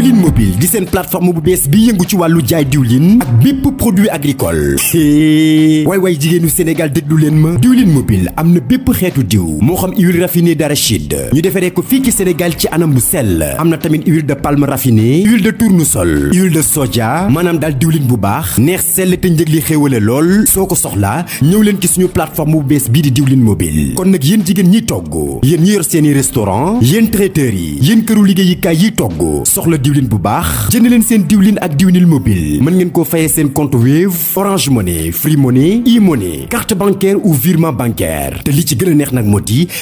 diwlin mobile di sen plateforme bu bees bi yeungu ci walu jaay diwlin ak bépp produit agricole way waay nous Sénégal déglu leen ma diwlin mobile am na bépp diw mo xam huile raffinée d'arachide ñu défé ko fi ci Sénégal ci anam bu sel am tamit huile de palme raffinée huile de tournesol huile de soja manam dal diwlin bu baax neex sel te njëg li lol lool soo ko soxlaa leen ci suñu plateforme bu bees bi di diwlin mobile kon nak yeen jigéen ñi togg yeen ñi yor seeni restaurant yeen traiteur yi yéen këru kay yi togg soxla diw diwlin bu baax seen ak mobile mën ngeen ko fayé seen compte Wave Orange Money Free Money e-money carte bancaire ou virement bancaire te li ci gëna neex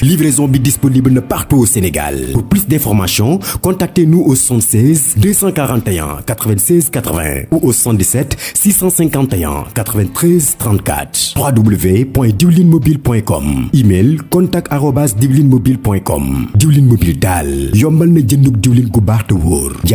livraison bi disponible partout au Sénégal pour plus d'informations contactez-nous au 76 241 96 80 ou au 117 651 93 34 www.diwlinmobile.com email contact arobas mobile yombal na jënduk diwlin ku baax te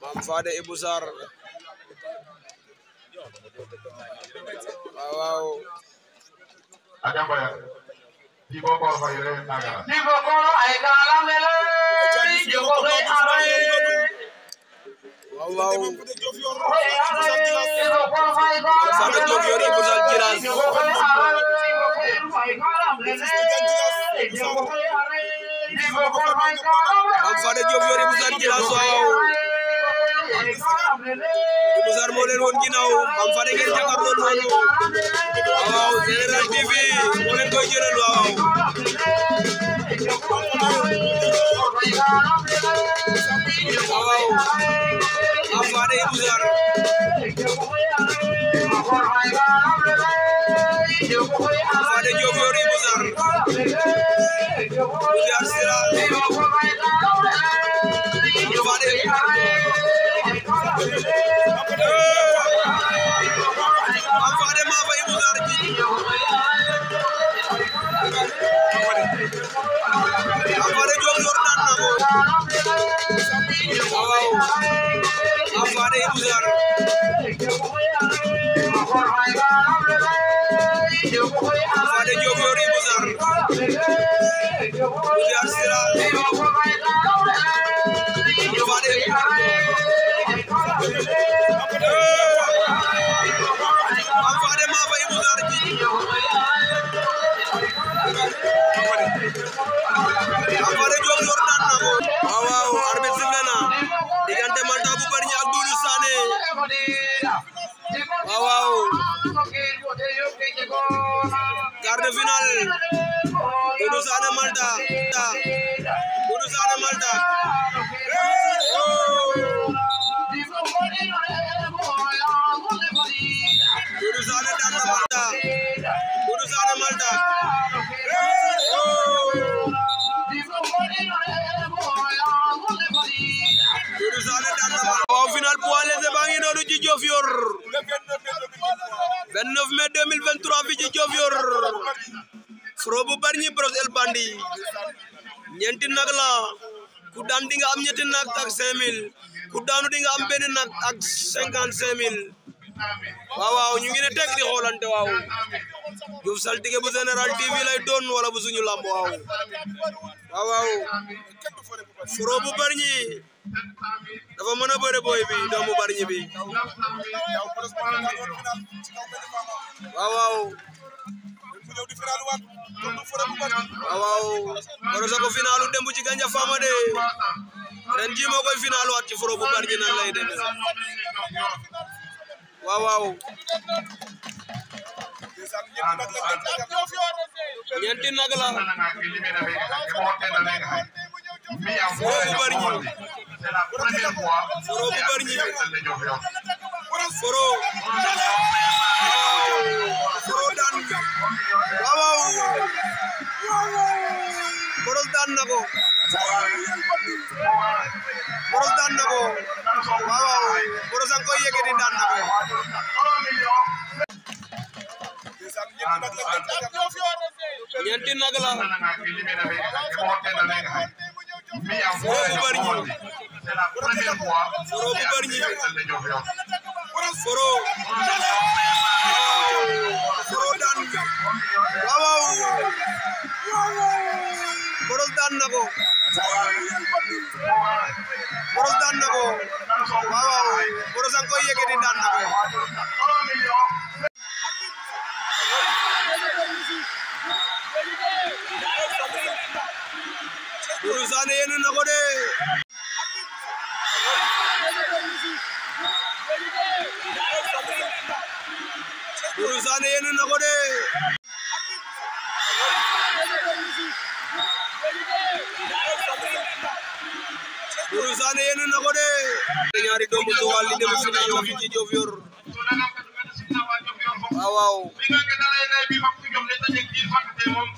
Bang Fade Ibu zar, Wow. apa bayar. Di bokor bayar naga. Di bokor ay kalam ele. Di bokor ay Wow wow. Fade Jofior Ibu Sar Kiras. Di bokor ay kalam ele. Di bokor Di bokor Ibu Sar Wow. Musar Molen won ginaaw am fa ngeen jàkkaarloo loolu waaw General TV mo leen koy jëral waaw waaw am fa de Musar am fa de Diofior Musar Musar Sira You Diouf yow rek bu sar. Milliard sira. Diofior 29 mai 2023 fii ci Diofior Fro bu Bargny Brosse El Bandit ñeenti nag la ku daan di nga am ñetti nag ak 5000 ku daanu di nga am benn nag ak 55000 waaw waaw ñu ngi ne teg di xoolante waaw Diouf saltige bu Général TV lay doon wala bu suñu lamb waaw waaw waaw Fro bu Bargny dafa mëna bëre boy bi doomu Bargny bi waaw waaw waaw waaw ko finalu dembu ci wow. Fama de ren ji moo finalu waat ci foro bu Bargny nan lay deme waaw waaw wow. nag la mi am foro bu bëri c'est la première fois foro bu bëri foro foro daan waaw foro daan na ko foro daan na ko waaw foro sang koy yëkkati daan na ko ñeenti nag la mis en voie de commander. C'est la première fois qu'il a appris celle de Jovion. Foro. Foro dan. Wow. Foro dan nako. Foro dan nako. Wow. Foro sang ko ye ke dan nako. 3 millions ಗುರುಸಾನೆ ini ನಗೋಡೆ deh ಏನು ini ಗುರುಸಾನೆ deh ನಗೋಡೆ ini dombu deh nyari sunu jofi ci jofior waaw waaw bi nga ngi dalay nay bi mak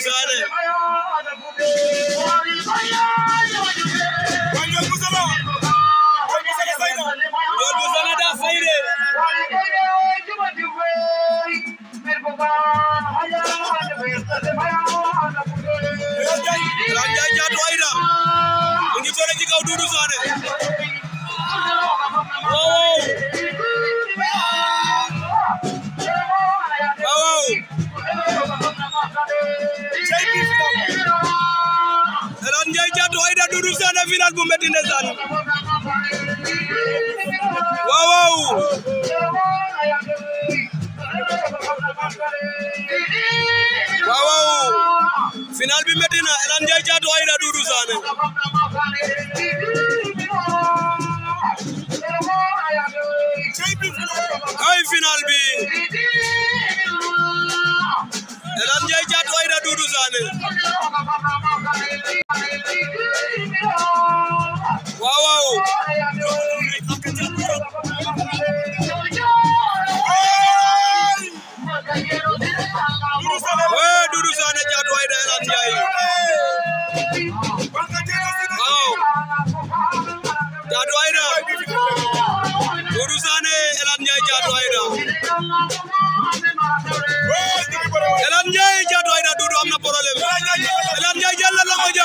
Suzanne. Wajja kusala. Wajja saina. Wajja sana da saide. xalaat bu métti ndeysaan waaw waaw waaw waaw final bi métti na Elhadj Ndiaye Thiatou Aïda Doudou Sané final bi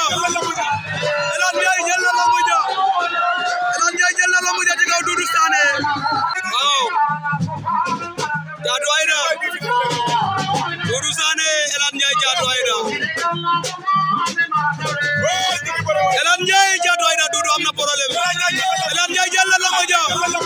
Elan Ndiaye jaatu ay na duudu am na problème Elan Ndiaye jël na loxo ja